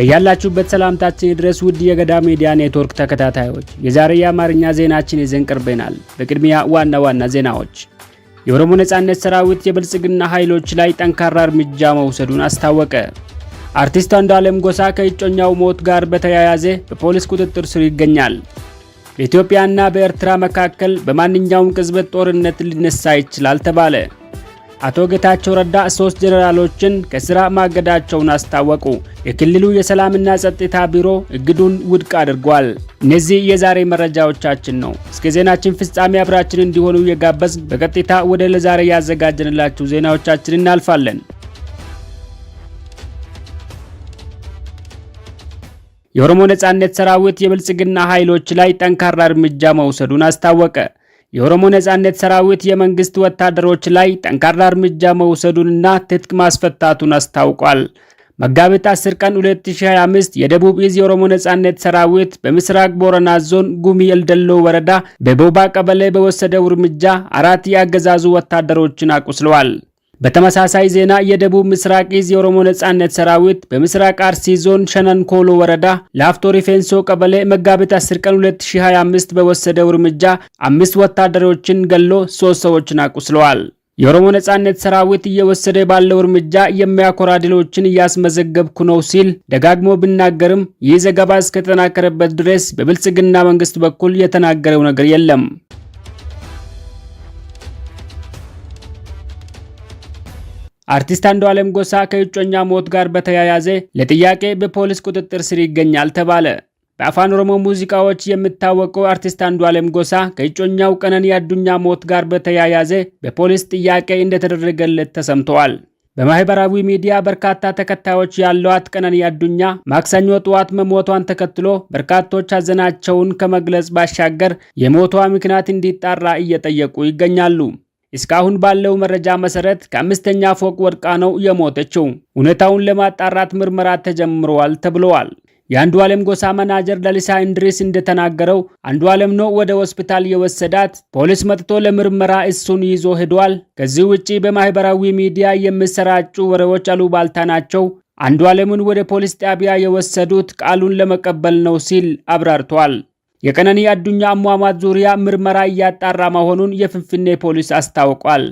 በያላችሁበት ሰላምታችን ድረስ ውድ የገዳ ሚዲያ ኔትወርክ ተከታታዮች የዛሬ የአማርኛ ዜናችን ይዘን ቀርበናል። በቅድሚያ ዋና ዋና ዜናዎች የኦሮሞ ነጻነት ሰራዊት የብልጽግና ኃይሎች ላይ ጠንካራ እርምጃ መውሰዱን አስታወቀ። አርቲስት አለም ጎሳ ከእጮኛው ሞት ጋር በተያያዘ በፖሊስ ቁጥጥር ስር ይገኛል። በኢትዮጵያና በኤርትራ መካከል በማንኛውም ቅጽበት ጦርነት ሊነሳ ይችላል ተባለ። አቶ ጌታቸው ረዳ ሶስት ጄኔራሎችን ከስራ ማገዳቸውን አስታወቁ። የክልሉ የሰላምና ጸጥታ ቢሮ እግዱን ውድቅ አድርጓል። እነዚህ የዛሬ መረጃዎቻችን ነው። እስከ ዜናችን ፍጻሜ አብራችን እንዲሆኑ የጋበዝ በቀጥታ ወደ ለዛሬ ያዘጋጀንላችሁ ዜናዎቻችን እናልፋለን። የኦሮሞ ነጻነት ሰራዊት የብልጽግና ኃይሎች ላይ ጠንካራ እርምጃ መውሰዱን አስታወቀ። የኦሮሞ ነጻነት ሰራዊት የመንግስት ወታደሮች ላይ ጠንካራ እርምጃ መውሰዱንና ትጥቅ ማስፈታቱን አስታውቋል። መጋቢት 10 ቀን 2025 የደቡብ ኢዝ የኦሮሞ ነጻነት ሰራዊት በምስራቅ ቦረና ዞን ጉሚ ኤልደሎ ወረዳ በቦባ ቀበሌ በወሰደው እርምጃ አራት የአገዛዙ ወታደሮችን አቁስለዋል። በተመሳሳይ ዜና የደቡብ ምስራቅ እዝ የኦሮሞ ነጻነት ሰራዊት በምስራቅ አርሲ ዞን ሸነንኮሎ ወረዳ ላፍቶ ሪፌንሶ ቀበሌ መጋቢት 10 ቀን 2025 በወሰደው እርምጃ አምስት ወታደሮችን ገሎ ሶስት ሰዎችን አቁስለዋል። የኦሮሞ ነጻነት ሰራዊት እየወሰደ ባለው እርምጃ የሚያኮራ ድሎችን እያስመዘገብኩ ነው ሲል ደጋግሞ ቢናገርም ይህ ዘገባ እስከተጠናከረበት ድረስ በብልጽግና መንግስት በኩል የተናገረው ነገር የለም። አርቲስት አንዱዓለም ጎሳ ከእጮኛ ሞት ጋር በተያያዘ ለጥያቄ በፖሊስ ቁጥጥር ስር ይገኛል ተባለ። በአፋን ኦሮሞ ሙዚቃዎች የምታወቀው አርቲስት አንዱዓለም ጎሳ ከእጮኛው ቀነኒ አዱኛ ሞት ጋር በተያያዘ በፖሊስ ጥያቄ እንደተደረገለት ተሰምተዋል። በማህበራዊ ሚዲያ በርካታ ተከታዮች ያለዋት ቀነኒ አዱኛ ማክሰኞ ጠዋት መሞቷን ተከትሎ በርካቶች ሀዘናቸውን ከመግለጽ ባሻገር የሞቷ ምክንያት እንዲጣራ እየጠየቁ ይገኛሉ። እስካሁን ባለው መረጃ መሰረት ከአምስተኛ ፎቅ ወድቃ ነው የሞተችው። እውነታውን ለማጣራት ምርመራ ተጀምረዋል ተብለዋል። የአንዱ ዓለም ጎሳ መናጀር ዳሊሳ እንድሪስ እንደተናገረው አንዱ ዓለም ነው ወደ ሆስፒታል የወሰዳት። ፖሊስ መጥቶ ለምርመራ እሱን ይዞ ሄዷል። ከዚህ ውጪ በማህበራዊ ሚዲያ የሚሰራጩ ወሬዎች አሉባልታ ናቸው። አንዱ ዓለምን ወደ ፖሊስ ጣቢያ የወሰዱት ቃሉን ለመቀበል ነው ሲል አብራርቷል። የቀነኒ አዱኛ አሟሟት ዙሪያ ምርመራ እያጣራ መሆኑን የፍንፍኔ ፖሊስ አስታውቋል።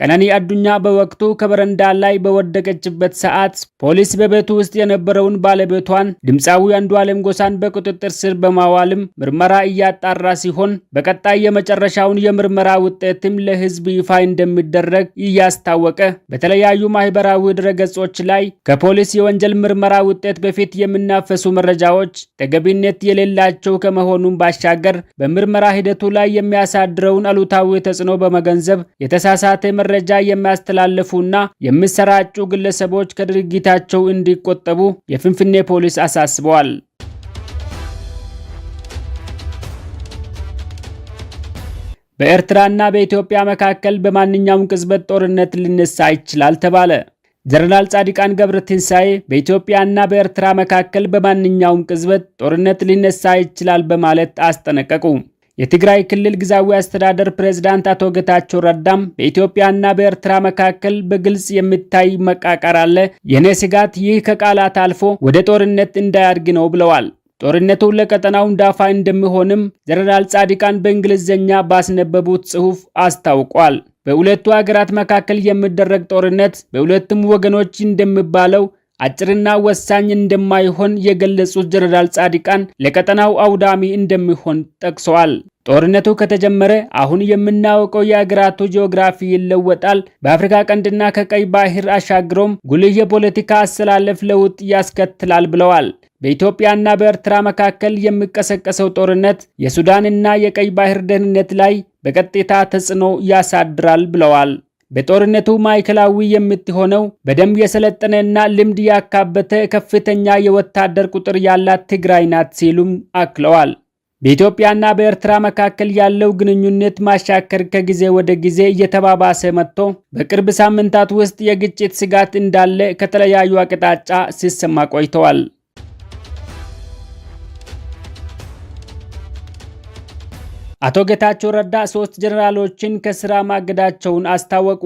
ቀነኒ አዱኛ በወቅቱ ከበረንዳ ላይ በወደቀችበት ሰዓት ፖሊስ በቤቱ ውስጥ የነበረውን ባለቤቷን ድምፃዊ አንዱዓለም ጎሳን በቁጥጥር ስር በማዋልም ምርመራ እያጣራ ሲሆን በቀጣይ የመጨረሻውን የምርመራ ውጤትም ለሕዝብ ይፋ እንደሚደረግ እያስታወቀ በተለያዩ ማህበራዊ ድረገጾች ላይ ከፖሊስ የወንጀል ምርመራ ውጤት በፊት የሚናፈሱ መረጃዎች ተገቢነት የሌላቸው ከመሆኑም ባሻገር በምርመራ ሂደቱ ላይ የሚያሳድረውን አሉታዊ ተጽዕኖ በመገንዘብ የተሳሳተ መረጃ የሚያስተላልፉና የሚሰራጩ ግለሰቦች ከድርጊታቸው እንዲቆጠቡ የፍንፍኔ ፖሊስ አሳስበዋል። በኤርትራና በኢትዮጵያ መካከል በማንኛውም ቅጽበት ጦርነት ሊነሳ ይችላል ተባለ። ጀነራል ጻድቃን ገብረ ትንሳኤ በኢትዮጵያና በኤርትራ መካከል በማንኛውም ቅጽበት ጦርነት ሊነሳ ይችላል በማለት አስጠነቀቁ። የትግራይ ክልል ግዛዊ አስተዳደር ፕሬዝዳንት አቶ ጌታቸው ረዳም በኢትዮጵያና በኤርትራ መካከል በግልጽ የሚታይ መቃቀር አለ፣ የኔ ስጋት ይህ ከቃላት አልፎ ወደ ጦርነት እንዳያድግ ነው ብለዋል። ጦርነቱ ለቀጠናው ዳፋ እንደሚሆንም ጀነራል ጻድቃን በእንግሊዝኛ ባስነበቡት ጽሑፍ አስታውቋል። በሁለቱ ሀገራት መካከል የሚደረግ ጦርነት በሁለቱም ወገኖች እንደሚባለው አጭርና ወሳኝ እንደማይሆን የገለጹት ጀነራል ጻድቃን ለቀጠናው አውዳሚ እንደሚሆን ጠቅሰዋል። ጦርነቱ ከተጀመረ አሁን የምናውቀው የአገራቱ ጂኦግራፊ ይለወጣል። በአፍሪካ ቀንድና ከቀይ ባህር አሻግሮም ጉልህ የፖለቲካ አሰላለፍ ለውጥ ያስከትላል ብለዋል። በኢትዮጵያና በኤርትራ መካከል የሚቀሰቀሰው ጦርነት የሱዳንና የቀይ ባህር ደህንነት ላይ በቀጥታ ተጽዕኖ ያሳድራል ብለዋል። በጦርነቱ ማዕከላዊ የምትሆነው በደንብ የሰለጠነና ልምድ ያካበተ ከፍተኛ የወታደር ቁጥር ያላት ትግራይ ናት ሲሉም አክለዋል። በኢትዮጵያና በኤርትራ መካከል ያለው ግንኙነት ማሻከር ከጊዜ ወደ ጊዜ እየተባባሰ መጥቶ በቅርብ ሳምንታት ውስጥ የግጭት ስጋት እንዳለ ከተለያዩ አቅጣጫ ሲሰማ ቆይተዋል። አቶ ጌታቸው ረዳ ሶስት ጀኔራሎችን ከስራ ማገዳቸውን አስታወቁ።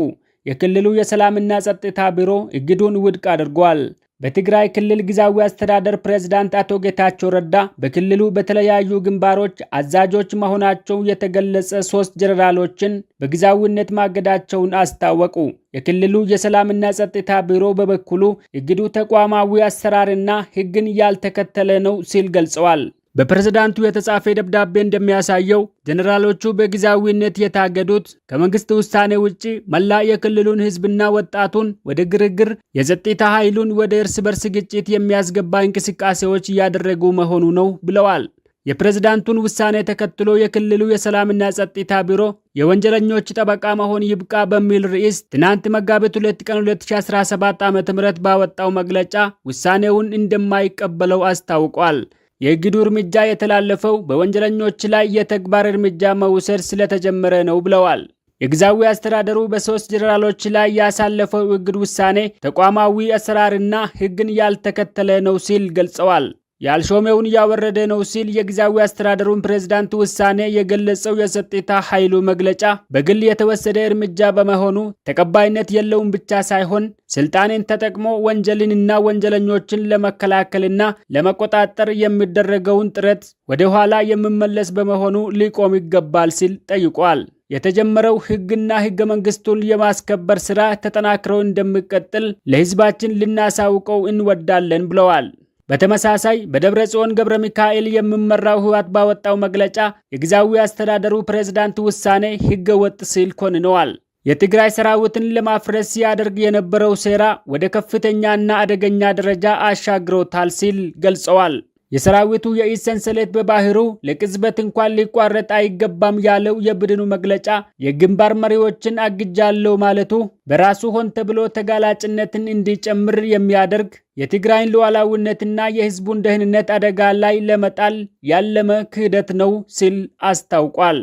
የክልሉ የሰላምና ጸጥታ ቢሮ እግዱን ውድቅ አድርጓል። በትግራይ ክልል ጊዜያዊ አስተዳደር ፕሬዝዳንት አቶ ጌታቸው ረዳ በክልሉ በተለያዩ ግንባሮች አዛዦች መሆናቸው የተገለጸ ሶስት ጀኔራሎችን በጊዜያዊነት ማገዳቸውን አስታወቁ። የክልሉ የሰላምና ጸጥታ ቢሮ በበኩሉ እግዱ ተቋማዊ አሰራርና ሕግን ያልተከተለ ነው ሲል ገልጸዋል። በፕሬዝዳንቱ የተጻፈ ደብዳቤ እንደሚያሳየው ጀኔራሎቹ በጊዜያዊነት የታገዱት ከመንግስት ውሳኔ ውጪ መላ የክልሉን ህዝብና ወጣቱን ወደ ግርግር፣ የጸጥታ ኃይሉን ወደ እርስ በርስ ግጭት የሚያስገባ እንቅስቃሴዎች እያደረጉ መሆኑ ነው ብለዋል። የፕሬዝዳንቱን ውሳኔ ተከትሎ የክልሉ የሰላምና ጸጥታ ቢሮ የወንጀለኞች ጠበቃ መሆን ይብቃ በሚል ርዕስ ትናንት መጋቢት 2 ቀን 2017 ዓ.ም ባወጣው መግለጫ ውሳኔውን እንደማይቀበለው አስታውቋል። የእግዱ እርምጃ የተላለፈው በወንጀለኞች ላይ የተግባር እርምጃ መውሰድ ስለተጀመረ ነው ብለዋል። የግዛዊ አስተዳደሩ በሶስት ጀነራሎች ላይ ያሳለፈው እግድ ውሳኔ ተቋማዊ አሰራርና ሕግን ያልተከተለ ነው ሲል ገልጸዋል። ያልሾመውን እያወረደ ነው ሲል የጊዜያዊ አስተዳደሩን ፕሬዝዳንት ውሳኔ የገለጸው የጸጥታ ኃይሉ መግለጫ በግል የተወሰደ እርምጃ በመሆኑ ተቀባይነት የለውም ብቻ ሳይሆን ስልጣንን ተጠቅሞ ወንጀልንና ወንጀለኞችን ለመከላከልና ለመቆጣጠር የሚደረገውን ጥረት ወደ ኋላ የሚመለስ በመሆኑ ሊቆም ይገባል ሲል ጠይቋል። የተጀመረው ሕግና ህገ መንግስቱን የማስከበር ስራ ተጠናክረው እንደሚቀጥል ለሕዝባችን ልናሳውቀው እንወዳለን ብለዋል። በተመሳሳይ በደብረ ጽዮን ገብረ ሚካኤል የሚመራው ህወሓት ባወጣው መግለጫ የጊዜያዊ አስተዳደሩ ፕሬዝዳንት ውሳኔ ህገ ወጥ ሲል ኮንነዋል። የትግራይ ሰራዊትን ለማፍረስ ሲያደርግ የነበረው ሴራ ወደ ከፍተኛና አደገኛ ደረጃ አሻግሮታል ሲል ገልጸዋል። የሰራዊቱ የኢት ሰንሰለት በባህሩ ለቅጽበት እንኳን ሊቋረጥ አይገባም ያለው የቡድኑ መግለጫ የግንባር መሪዎችን አግጃለሁ ማለቱ በራሱ ሆን ተብሎ ተጋላጭነትን እንዲጨምር የሚያደርግ የትግራይን ሉዓላዊነትና የሕዝቡን ደህንነት አደጋ ላይ ለመጣል ያለመ ክህደት ነው ሲል አስታውቋል።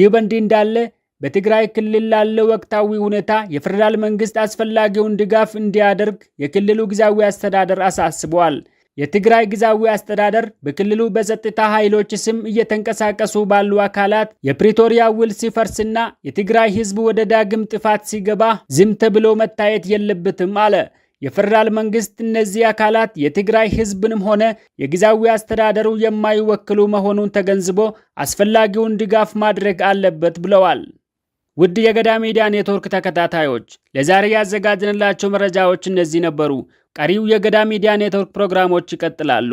ይህ በእንዲህ እንዳለ በትግራይ ክልል ላለው ወቅታዊ ሁኔታ የፌዴራል መንግስት አስፈላጊውን ድጋፍ እንዲያደርግ የክልሉ ጊዜያዊ አስተዳደር አሳስበዋል። የትግራይ ግዛዊ አስተዳደር በክልሉ በጸጥታ ኃይሎች ስም እየተንቀሳቀሱ ባሉ አካላት የፕሪቶሪያ ውል ሲፈርስና የትግራይ ሕዝብ ወደ ዳግም ጥፋት ሲገባ ዝም ተብሎ መታየት የለበትም አለ። የፌደራል መንግስት እነዚህ አካላት የትግራይ ህዝብንም ሆነ የግዛዊ አስተዳደሩ የማይወክሉ መሆኑን ተገንዝቦ አስፈላጊውን ድጋፍ ማድረግ አለበት ብለዋል። ውድ የገዳ ሚዲያ ኔትወርክ ተከታታዮች ለዛሬ ያዘጋጀንላቸው መረጃዎች እነዚህ ነበሩ። ቀሪው የገዳ ሚዲያ ኔትወርክ ፕሮግራሞች ይቀጥላሉ።